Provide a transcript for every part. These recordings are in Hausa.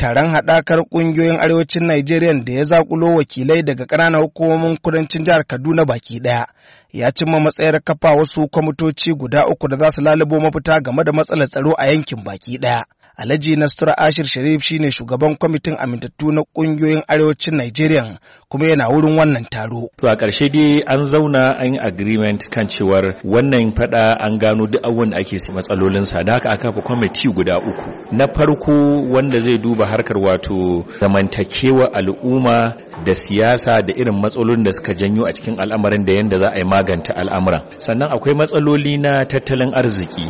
taron haɗakar ƙungiyoyin arewacin Najeriya da ya zakulo wakilai daga ƙananan hukumomin kudancin jihar Kaduna baki ɗaya ya cimma matsayar kafa wasu kwamitoci guda uku da za su lalubo mafita game da matsalar tsaro a yankin baki ɗaya. Alhaji Nasiru Ashir Sharif shine shugaban kwamitin amintattu na kungiyoyin arewacin Najeriya kuma yana wurin wannan taro. To a ƙarshe dai an zauna an yi agreement kan cewar wannan fada an gano duk abubuwan da ake matsalolin sa da haka aka kafa kwamiti guda uku. Na farko wanda zai duba harkar wato zamantakewa al'umma da siyasa da irin matsalolin da suka janyo a cikin al'amarin da yadda za a yi maganta al'amuran sannan akwai matsaloli na tattalin arziki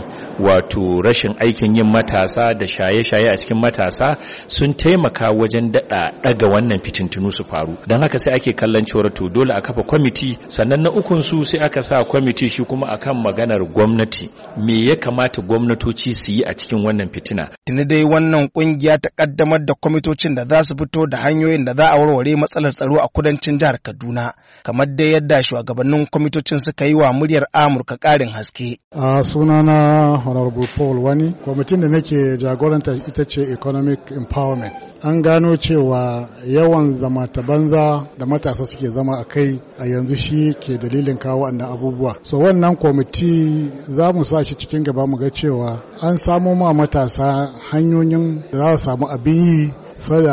wato rashin aikin yin matasa da shaye-shaye a cikin matasa sun taimaka wajen daɗa ɗaga wannan fitintunu su faru don haka sai ake kallon cewar to dole a kafa kwamiti sannan na ukun su sai aka sa kwamiti shi kuma akan maganar gwamnati me ya kamata gwamnatoci su yi a cikin wannan fitina tuni dai wannan kungiya ta kaddamar da kwamitocin da za su fito da hanyoyin da za a warware matsalar matsalar tsaro a kudancin jihar Kaduna, kamar dai yadda shugabannin kwamitocin suka yi wa muryar Amurka karin haske. A sunana Honorable Paul Wani, kwamitin da nake jagoranta ita ce Economic Empowerment. An gano cewa yawan zama ta banza da matasa suke zama a kai a yanzu shi ke dalilin kawo wannan abubuwa. So wannan kwamiti za mu sa shi cikin gaba mu ga cewa an samo ma matasa hanyoyin da za su samu abin yi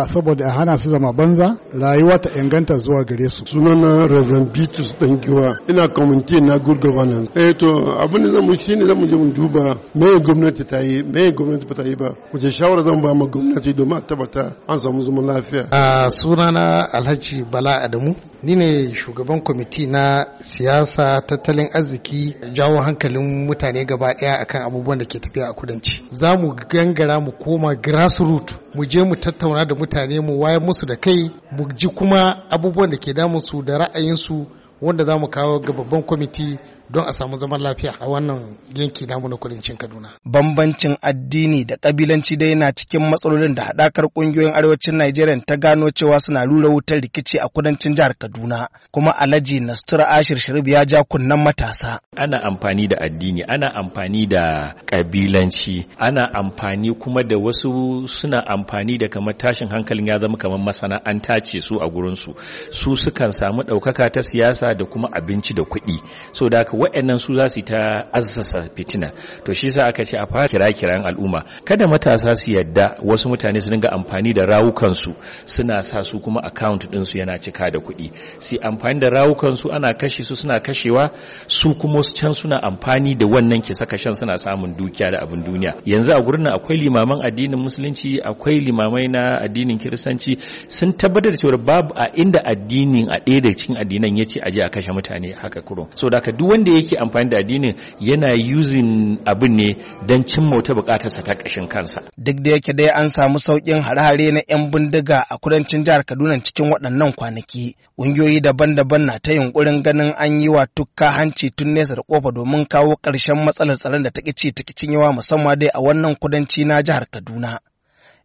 saboda a hana su zama banza rayuwa ta inganta zuwa gare su sunana Reverend Bitus dan giwa ina community na good governance eh to abin da zamu shine zamu je mu duba me gwamnati ta yi me gwamnati ba ta yi ba je shawara zan ba ma gwamnati domin a tabbata an samu zaman lafiya a sunana Alhaji Bala Adamu ni ne shugaban kwamiti na siyasa tattalin arziki jawo hankalin mutane gaba daya akan abubuwan da ke tafiya a kudanci za mu gangara mu koma grassroot mu je mu tattauna da mutane mu wayar musu da kai mu ji kuma abubuwan da ke damun su da ra'ayinsu wanda za mu kawo ga babban kwamiti don a samu zaman lafiya a wannan yanki namu na kudancin Kaduna. Bambancin addini da kabilanci dai na cikin matsalolin da haɗakar ƙungiyoyin arewacin Najeriya ta gano cewa suna lura wutar rikici a kudancin jihar Kaduna kuma Alhaji Nastura Ashir Sharif ya ja kunnen matasa. Ana amfani da addini, ana amfani da kabilanci, ana amfani kuma da wasu suna amfani da kamar tashin hankalin ya zama kamar masana'anta ce su a gurinsu. Su sukan samu ɗaukaka ta siyasa da kuma abinci da kuɗi. So da haka waɗannan su za su ta azzasa fitina to shi sa aka ce a fara kira kiran al'umma kada matasa su yadda wasu mutane su dinga amfani da rawukansu suna sa su kuma account din su yana cika da kuɗi su amfani da rawukansu ana kashe su suna kashewa su kuma can suna amfani da wannan kisa saka shan suna samun dukiya da abin duniya yanzu a gurin akwai limaman addinin musulunci akwai limamai na addinin kiristanci sun tabbatar da cewa babu a inda addinin a ɗaya da cikin addinan ya ce a je a kashe mutane haka kurum so da duk wanda wanda yake amfani da addinin yana using abin ne don cimma wata bukatarsa ta kashin kansa duk da yake dai an samu sauƙin hare-hare na 'yan bindiga a kudancin jihar kaduna cikin waɗannan kwanaki ƙungiyoyi daban-daban na ta yunƙurin ganin an yi wa tukka hanci tun nesa da kofa domin kawo ƙarshen matsalar tsaron da ta ƙici ta yawa musamman dai a wannan kudanci na jihar kaduna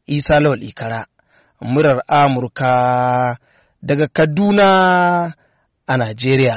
isa lawal ikara murar amurka daga kaduna a najeriya